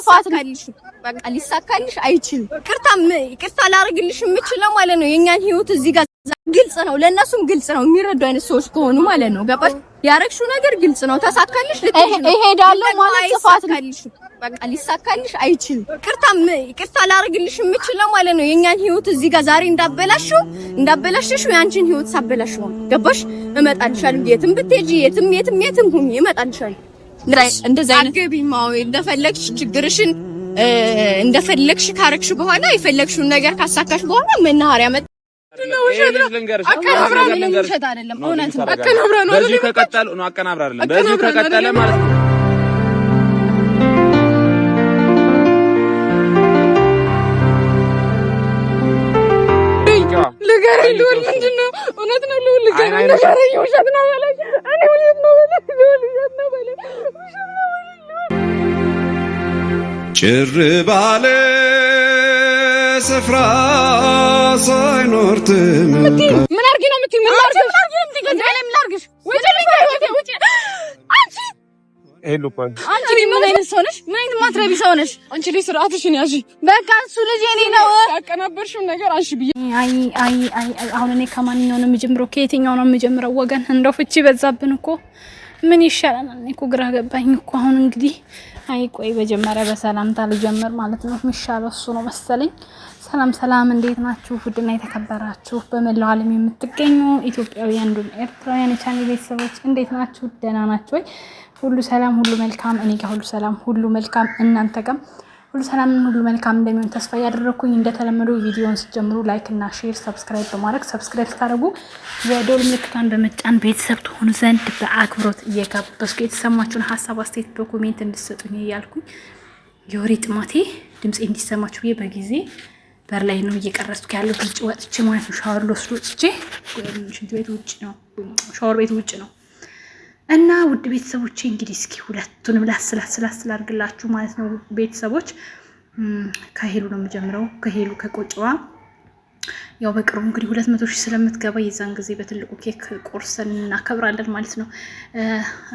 አይሳካልሽም። በቃ ሊሳካልሽ አይችልም። ቅርታም ቅርታ ላደርግልሽ የምችለው ማለት ነው የእኛን ህይወት እዚህ ጋር ግልጽ ነው፣ ለእነሱም ግልጽ ነው። የሚረዱ አይነት ሰዎች ከሆኑ ማለት ነው። ገባሽ? ያረግሽው ነገር ግልጽ ነው። ተሳካልሽ ልትሄጂ ነው። ማለት ጽፋት ካልሽ በቃ ሊሳካልሽ አይችልም። ቅርታም ቅርታ ላደርግልሽ የምችለው ማለት ነው የእኛን ህይወት እዚህ ጋር ዛሬ እንዳበላሽው እንዳበላሽሽ ያንቺን ህይወት ሳበላሽው ገባሽ? እመጣልሻለሁ። የትም ብትሄጂ የትም የትም የትም ሁኚ እመጣልሻለሁ። እንደዚህ አይነት አትገቢም። እንደፈለግሽ ችግርሽን እንደፈለግሽ ካረግሽ በኋላ የፈለግሽውን ነገር ካሳካሽ በኋላ መናኸሪያ መጣ አቀናብራ ነው። ልገረኝ ልውል ምንድን ነው? እውነት ነው ልውል ልገረኝ፣ ልገረኝ፣ ውሸት ነው በለኝ። እኔ ውሸት ነው በለኝ፣ ልውል ውሸት ነው በለኝ። ጭር ባለ ስፍራ ሳይኖር ትምጣ። ምን አድርጊ ነው የምትይው? ምን አድርጊ ነው የምትይው? ምን አድርጊ ነው የምትይው? አንቺ ግን ምን አይነት ሰው ነሽ? ምን አይነት ማትረቢ ሰው ነሽ? አንቺ ልጅ ስርዓትሽን ያዢ። በቃ እሱ ልጅ የኔ ነው። ያቀናበርሽው ነገር አንቺ ብዬ አይ አይ አይ። አሁን እኔ ከማንኛው ነው የምጀምረው? ከየትኛው ነው የምጀምረው? ወገን እንደው ፍቺ በዛብን እኮ ምን ይሻላል? እኔ እኮ ግራ ገባኝ እኮ አሁን። እንግዲህ አይ ቆይ መጀመሪያ በሰላምታ ልጀምር ማለት ነው የሚሻለው እሱ ነው መሰለኝ። ሰላም ሰላም፣ እንዴት ናችሁ? ውድና የተከበራችሁ በመላው ዓለም የምትገኙ ኢትዮጵያውያን እንዲሁም ኤርትራውያን የቻኔ ቤተሰቦች እንዴት ናችሁ? ደህና ናችሁ ወይ? ሁሉ ሰላም፣ ሁሉ መልካም። እኔ ጋር ሁሉ ሰላም፣ ሁሉ መልካም። እናንተ ጋር ሁሉ ሰላም፣ ሁሉ መልካም እንደሚሆን ተስፋ እያደረግኩኝ እንደተለመደው ቪዲዮን ስትጀምሩ ላይክ እና ሼር፣ ሰብስክራይብ በማድረግ ሰብስክራይብ ስታደርጉ የደወል ምልክቷን በመጫን ቤተሰብ ትሆኑ ዘንድ በአክብሮት እየጋበዝኩ የተሰማችሁን ሀሳብ አስተያየት በኮሜንት እንድሰጡኝ እያልኩኝ የወሬ ጥማቴ ድምፄ እንዲሰማችሁ ብዬ በጊዜ በር ላይ ነው እየቀረጽኩ ያለው። ውጭ ወጥቼ ማለት ነው ሻወር ልወስድ ወጥቼ፣ ሻወር ቤት ውጭ ነው እና ውድ ቤተሰቦች እንግዲህ እስኪ ሁለቱንም ላስላስላስ አድርግላችሁ ማለት ነው። ቤተሰቦች ከሄሉ ነው የምጀምረው፣ ከሄሉ ከቆጭዋ ያው በቅርቡ እንግዲህ ሁለት መቶ ሺህ ስለምትገባ የዛን ጊዜ በትልቁ ኬክ ቆርሰን እናከብራለን ማለት ነው።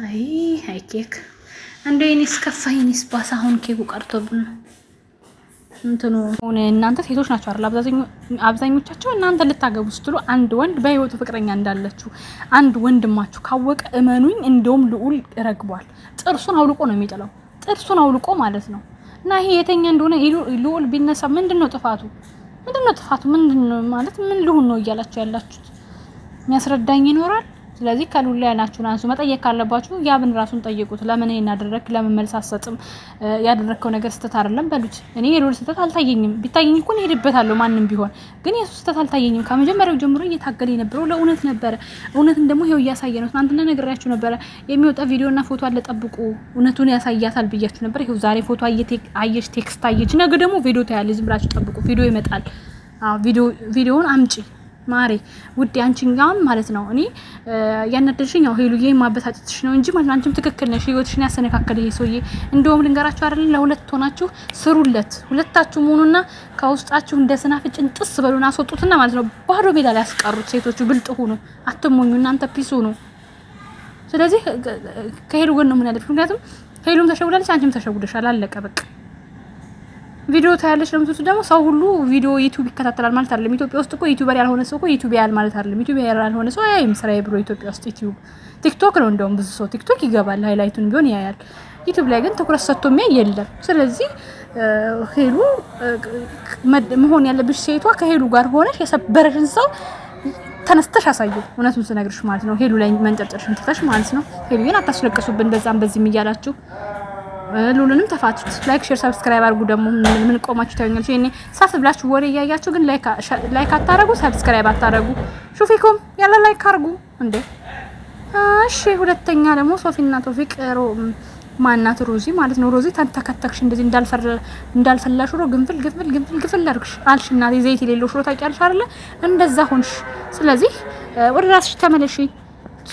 አይ ኬክ እንደ ኔስ ከፋ ኔስ ባሳ አሁን ኬኩ ቀርቶብን እንትኑ እናንተ ሴቶች ናቸው አይደል? አብዛኞቻቸው እናንተ ልታገቡ ስትሉ አንድ ወንድ በህይወቱ ፍቅረኛ እንዳለችው አንድ ወንድማችሁ ካወቀ እመኑኝ፣ እንደውም ልዑል ረግቧል። ጥርሱን አውልቆ ነው የሚጥለው፣ ጥርሱን አውልቆ ማለት ነው። እና ይሄ የተኛ እንደሆነ ልዑል ቢነሳ ምንድን ነው ጥፋቱ? ምንድን ነው ጥፋቱ? ምንድን ማለት ምን ልሁን ነው እያላችሁ ያላችሁት? የሚያስረዳኝ ይኖራል ስለዚህ ከሉል ላይ ናችሁን አንሱ። መጠየቅ ካለባችሁ ያብን ራሱን ጠይቁት። ለምን ይሄን አደረክ? ለምን መልስ አሰጥም? ያደረግከው ነገር ስህተት አይደለም በሉት። እኔ የሉል ስህተት አልታየኝም። ቢታየኝ እኮ ሄድበታለሁ ማንም ቢሆን፣ ግን የሱ ስህተት አልታየኝም። ከመጀመሪያው ጀምሮ እየታገለ የነበረው ለእውነት ነበረ። እውነትን ደግሞ ይኸው እያሳየ ነው። ትናንትና ነግሬያችሁ ነበረ። የሚወጣ ቪዲዮና ፎቶ አለ፣ ጠብቁ፣ እውነቱን ያሳያታል ብያችሁ ነበር። ይኸው ዛሬ ፎቶ አየች፣ ቴክስት አየች፣ ነገ ደግሞ ቪዲዮ ታያለች። ዝም ብላችሁ ጠብቁ፣ ቪዲዮ ይመጣል። ቪዲዮውን አምጪ ማሬ ውዴ አንቺን ጋውን ማለት ነው እኔ ያናደድሽኝ ያው ሄሉዬ ማበሳጨትሽ ነው እንጂ ማለት አንቺም ትክክል ነሽ። ህይወትሽን ያሰነካከለ ይሄ ሰውዬ እንደውም ልንገራችሁ አይደል ለሁለት ሆናችሁ ስሩለት። ሁለታችሁ መሆኑና ከውስጣችሁ እንደ ስናፍጭ እንጥስ በሉና አስወጡትና ማለት ነው ባዶ ሜዳ ላይ ያስቀሩት። ሴቶቹ ብልጥ ሁኑ፣ አትሞኙ፣ እናንተ ፒስ ሁኑ። ስለዚህ ከሄሉ ጎን ነው ምን ያለች ምክንያቱም ሄሉም ተሸውዳለች፣ አንቺም ተሸውደሻል። አለቀ በቃ። ቪዲዮ ታያለች ለምትወስድ ደግሞ ሰው ሁሉ ቪዲዮ ዩቲዩብ ይከታተላል ማለት አይደለም። ኢትዮጵያ ውስጥ እኮ ዩቲዩበር ያልሆነ ሰው እኮ ዩቲዩብ ያል ማለት አይደለም። ዩቲዩብ ያልሆነ ሰው አያይም ስራዬ ብሎ ኢትዮጵያ ውስጥ ዩቲዩብ፣ ቲክቶክ ነው እንደውም ብዙ ሰው ቲክቶክ ይገባል፣ ሃይላይቱን ቢሆን ያያል። ዩቲዩብ ላይ ግን ትኩረት ሰጥቶ የሚያይ የለም። ስለዚህ ሄሉ መሆን ያለብሽ ሴቷ ከሄሉ ጋር ሆነሽ የሰበረሽን ሰው ተነስተሽ አሳዩ። እውነቱን ስነግርሽ ማለት ነው። ሄሉ ላይ መንጨርጨርሽን ትተሽ ማለት ነው። ሄሉዬን አታስለቀሱብን በዛም በዚህም እያላችሁ ሉሉንም ተፋቱት። ላይክ፣ ሼር፣ ሰብስክራይብ አድርጉ። ደግሞ ምን ቆማችሁ ታዩኛለች? እኔ ሳፍ ብላችሁ ወሬ እያያችሁ ግን ላይክ አታረጉ፣ ሰብስክራይብ አታረጉ። ሹፊኩም ያለ ላይክ አርጉ እንዴ! እሺ። ሁለተኛ ደግሞ ሶፊና ቶፊቅ ማናት ሮዚ ማለት ነው። ሮዚ ተንተከተክሽ እንደዚህ እንዳልፈር እንዳልፈላሽ ሮ ግንፍል ግንፍል ግንፍል ግንፍል አርግሽ አልሽ እና ዘይት የሌለው ሽሮ ታውቂያለሽ አይደለ? እንደዛ ሆንሽ። ስለዚህ ወደ ራስሽ ተመለሺ።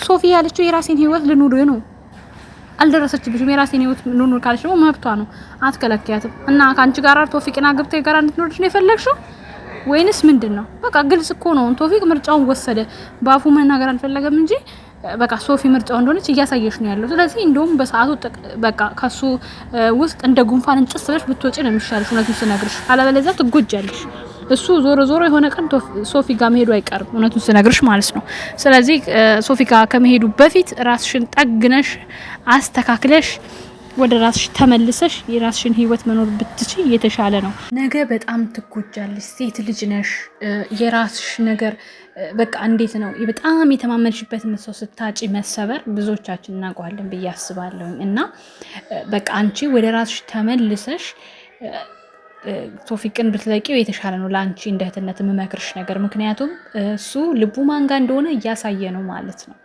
ሶፊ ያለችው የራሴን ህይወት ልኑር ነው አልደረሰችብሽም። የራሴን ህይወት ኑኑር ካለሽ ደግሞ መብቷ ነው፣ አትከለክያትም። እና ከአንቺ ጋር ቶፊቅና ግብታ ጋር እንድትኖርሽ ነው የፈለግሽው ወይንስ ምንድን ነው? በቃ ግልጽ እኮ ነው። ቶፊቅ ምርጫውን ወሰደ። በአፉ መናገር አልፈለገም እንጂ በቃ ሶፊ ምርጫው እንደሆነች እያሳየሽ ነው ያለው። ስለዚህ እንደውም በሰዓቱ በቃ ከሱ ውስጥ እንደ ጉንፋን እንጭስ ብለሽ ብትወጪ ነው የሚሻልሽ፣ እውነቱን ስነግርሽ። አለበለዚያ ትጎጃለሽ። እሱ ዞሮ ዞሮ የሆነ ቀን ሶፊ ጋር መሄዱ አይቀርም፣ እውነቱን ስነግርሽ ማለት ነው። ስለዚህ ሶፊ ጋር ከመሄዱ በፊት ራስሽን ጠግነሽ አስተካክለሽ ወደ ራስሽ ተመልሰሽ የራስሽን ህይወት መኖር ብትች የተሻለ ነው። ነገ በጣም ትጎጃለሽ። ሴት ልጅ ነሽ። የራስሽ ነገር በቃ እንዴት ነው በጣም የተማመንሽበት ሰው ስታጪ መሰበር ብዙዎቻችን እናውቀዋለን ብዬ አስባለሁ እና በቃ አንቺ ወደ ራስሽ ተመልሰሽ ቶፊቅን ብትለቂው የተሻለ ነው ለአንቺ እንደ እህትነት የምመክርሽ ነገር። ምክንያቱም እሱ ልቡ ማንጋ እንደሆነ እያሳየ ነው ማለት ነው።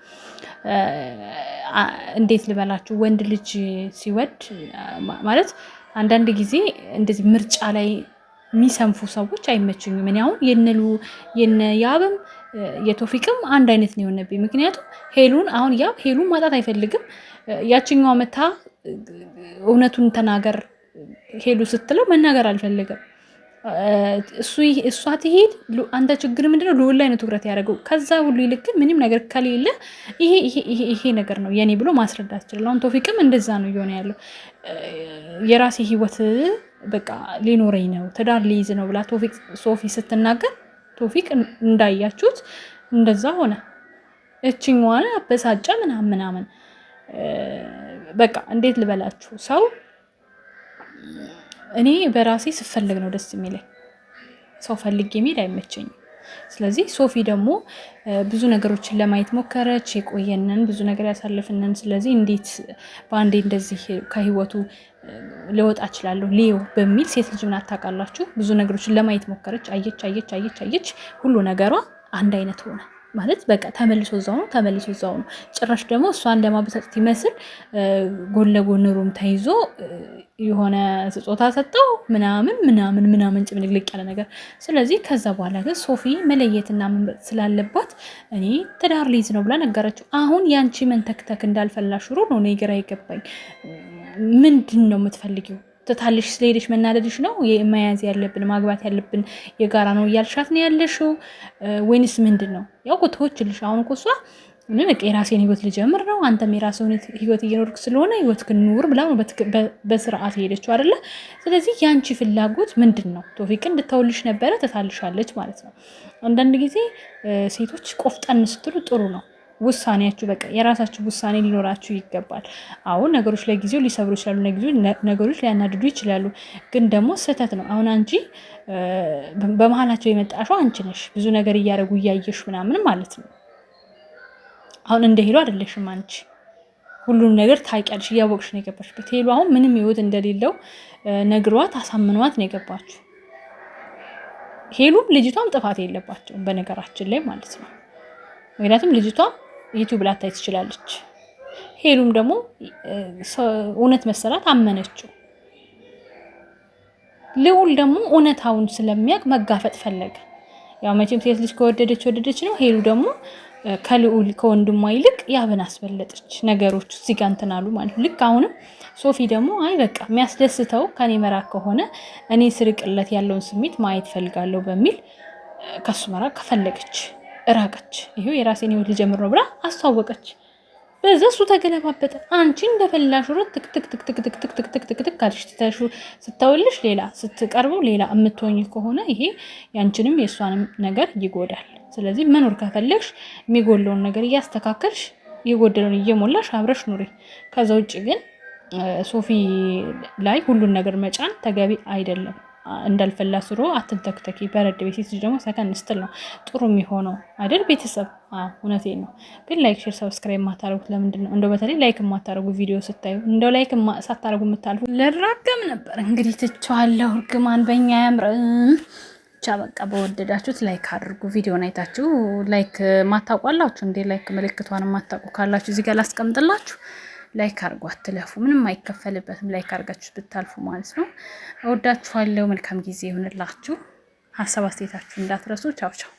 እንዴት ልበላችሁ፣ ወንድ ልጅ ሲወድ ማለት አንዳንድ ጊዜ እንደዚህ ምርጫ ላይ የሚሰንፉ ሰዎች አይመችኝም። እኔ አሁን የንሉ ያብም የቶፊቅም አንድ አይነት ነው የሆነብኝ። ምክንያቱም ሄሉን አሁን ያብ ሄሉን ማጣት አይፈልግም። ያችኛው መታ እውነቱን ተናገር ሄዱ ስትለው መናገር አልፈልግም። እሷ ትሄድ አንተ ችግር ምንድነው? ልዑል ላይ ነው ትኩረት ያደረገው። ከዛ ሁሉ ይልቅ ግን ምንም ነገር ከሌለ ይሄ ይሄ ነገር ነው የኔ ብሎ ማስረዳት ይችላል። አሁን ቶፊቅም እንደዛ ነው እየሆነ ያለው። የራሴ ህይወት በቃ ሊኖረኝ ነው ትዳር ሊይዝ ነው ብላ ቶፊቅ ሶፊ ስትናገር ቶፊቅ እንዳያችሁት እንደዛ ሆነ። እችኛዋን አበሳጨ ምናምን ምናምን በቃ እንዴት ልበላችሁ ሰው እኔ በራሴ ስፈልግ ነው ደስ የሚለኝ። ሰው ፈልግ የሚል አይመቸኝም። ስለዚህ ሶፊ ደግሞ ብዙ ነገሮችን ለማየት ሞከረች። የቆየንን ብዙ ነገር ያሳለፍንን። ስለዚህ እንዴት በአንዴ እንደዚህ ከህይወቱ ልወጣ እችላለሁ ሌው በሚል ሴት ልጅ ምን አታውቃላችሁ፣ ብዙ ነገሮችን ለማየት ሞከረች። አየች አየች አየች አየች፣ ሁሉ ነገሯ አንድ አይነት ሆነ። ማለት በቃ ተመልሶ እዛው ነው፣ ተመልሶ እዛው ነው። ጭራሽ ደግሞ እሷን ለማበሳጨት ይመስል ጎን ለጎን ሩም ተይዞ የሆነ ስጦታ ሰጠው ምናምን ምናምን ምናምን ጭምልቅልቅ ያለ ነገር። ስለዚህ ከዛ በኋላ ግን ሶፊ መለየትና መምረጥ ስላለባት እኔ ትዳር ሊይዝ ነው ብላ ነገረችው። አሁን ያንቺ መንተክተክ እንዳልፈላ ሽሮ ነው እኔ ግራ የገባኝ። ምንድን ነው የምትፈልጊው? ትታልሽ ስለሄደሽ መናደድሽ ነው መያዝ ያለብን ማግባት ያለብን የጋራ ነው እያልሻት ነው ያለሽው ወይንስ ምንድን ነው? ያው እኮ ተወችልሽ። አሁን እኮ እሷ እኔ የራሴን ህይወት ልጀምር ነው፣ አንተም የራስህን ህይወት እየኖርክ ስለሆነ ህይወት ክንኑር ብላ ነው በስርዓት የሄደችው አይደለ? ስለዚህ የአንቺ ፍላጎት ምንድን ነው? ቶፊቅ እንድታውልሽ ነበረ ትታልሻለች ማለት ነው። አንዳንድ ጊዜ ሴቶች ቆፍጠን ስትሉ ጥሩ ነው። ውሳኔያችሁ በቃ የራሳችሁ ውሳኔ ሊኖራችሁ ይገባል። አሁን ነገሮች ለጊዜው ሊሰብሩ ይችላሉ፣ ለጊዜው ነገሮች ሊያናድዱ ይችላሉ። ግን ደግሞ ስህተት ነው። አሁን አንቺ በመሀላቸው የመጣሽው አንቺ ነሽ። ብዙ ነገር እያደረጉ እያየሽ ምናምን ማለት ነው። አሁን እንደ ሄሉ አይደለሽም አንቺ ሁሉንም ነገር ታውቂያለሽ። እያወቅሽ ነው የገባችበት። ሄሉ አሁን ምንም ህይወት እንደሌለው ነግሯት አሳምኗት ነው የገባችሁ ሄሉም ልጅቷም ጥፋት የለባቸውም በነገራችን ላይ ማለት ነው። ምክንያቱም ልጅቷ ዩቲዩብ ላታይ ትችላለች። ሄሉም ደግሞ እውነት መሰራት አመነችው። ልዑል ደግሞ እውነታውን ስለሚያውቅ መጋፈጥ ፈለገ። ያው መቼም ሴት ልጅ ከወደደች ወደደች ነው። ሄሉ ደግሞ ከልዑል ከወንድሟ ይልቅ ያብን አስበለጠች። ነገሮች እዚህ ጋር እንትን አሉ ማለት ነው። ልክ አሁንም ሶፊ ደግሞ አይ በቃ የሚያስደስተው ከኔ መራ ከሆነ እኔ ስርቅለት ያለውን ስሜት ማየት ፈልጋለሁ በሚል ከሱ መራ ከፈለገች ራቀች። ይሄው የራሴን ህይወት ልጀምር ነው ብላ አስተዋወቀች። በዛ እሱ ተገለባበጠ። አንቺ እንደፈላሽ ሮት ትክትክትክትክትክትክትክትክ ካልሽ ትተሹ ስታወልሽ ሌላ ስትቀርቡ ሌላ የምትሆኝ ከሆነ ይሄ ያንቺንም የእሷንም ነገር ይጎዳል። ስለዚህ መኖር ከፈለግሽ የሚጎለውን ነገር እያስተካከልሽ የጎደለውን እየሞላሽ አብረሽ ኑሪ። ከዛ ውጭ ግን ሶፊ ላይ ሁሉን ነገር መጫን ተገቢ አይደለም። እንዳልፈላ ስሮ አትንተክተኪ። በረድ ቤት ሴት ደግሞ ሰከን ስትል ነው ጥሩ የሚሆነው አይደል? ቤተሰብ እውነቴ ነው። ግን ላይክ፣ ሼር፣ ሰብስክራይብ የማታደርጉት ለምንድን ነው? እንደው በተለይ ላይክ የማታደርጉ ቪዲዮ ስታዩ እንደው ላይክ ሳታደርጉ የምታልፉ ልራገም ነበር እንግዲህ ትቼዋለሁ። እርግማን በእኛ ያምርም ብቻ በቃ በወደዳችሁት ላይክ አድርጉ። ቪዲዮን አይታችሁ ላይክ ማታውቋላችሁ እንዴ? ላይክ ምልክቷን ማታውቁ ካላችሁ እዚህ ጋር ላስቀምጥላችሁ። ላይክ አርጎ አትለፉ። ምንም አይከፈልበትም። ላይክ አርጋችሁ ብታልፉ ማለት ነው። እወዳችኋለሁ። መልካም ጊዜ ይሁንላችሁ። ሀሳብ አስተያየታችሁ እንዳትረሱ። ቻው ቻው።